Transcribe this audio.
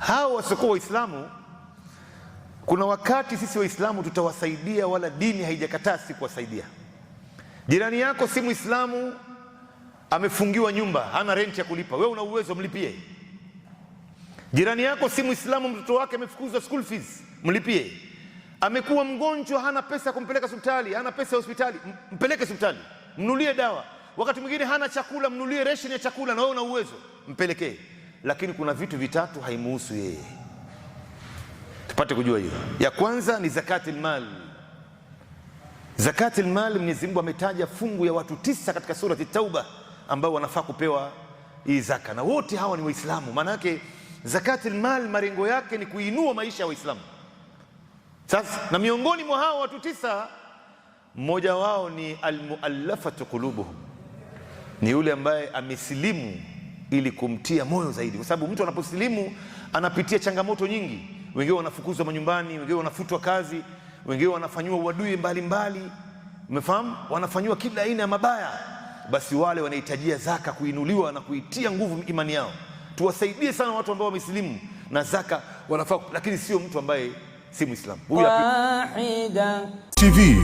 hawa wasiokuwa Waislamu, kuna wakati sisi Waislamu tutawasaidia, wala dini haijakataa si kuwasaidia. Jirani yako si muislamu amefungiwa nyumba, hana renti ya kulipa, wewe una uwezo, mlipie. Jirani yako si muislamu mtoto wake amefukuzwa school fees, mlipie. Amekuwa mgonjwa, hana pesa ya kumpeleka hospitali, hana pesa ya hospitali, mpeleke hospitali, mnulie dawa. Wakati mwingine hana chakula, mnulie ration ya chakula, na wewe una uwezo, mpelekee lakini kuna vitu vitatu haimuhusu yeye. Tupate kujua hiyo. Ya kwanza ni zakati mal. Zakati mal, Mwenyezi Mungu ametaja fungu ya watu tisa katika surati Tauba ambao wanafaa kupewa hii zaka, na wote hawa ni Waislamu. Maana yake zakatil mal malengo yake ni kuinua maisha ya Waislamu. Sasa na miongoni mwa hao watu tisa, mmoja wao ni almuallafatu qulubuhum, ni yule ambaye amesilimu ili kumtia moyo zaidi, kwa sababu mtu anaposilimu anapitia changamoto nyingi. Wengine wanafukuzwa manyumbani, wengine wanafutwa kazi, wengine wanafanyiwa uadui mbalimbali, umefahamu, wanafanyiwa kila aina ya mabaya. Basi wale wanahitajia zaka kuinuliwa na kuitia nguvu imani yao. Tuwasaidie sana watu ambao wamesilimu na zaka wanafaa, lakini sio mtu ambaye si Muislamu. Wahida TV.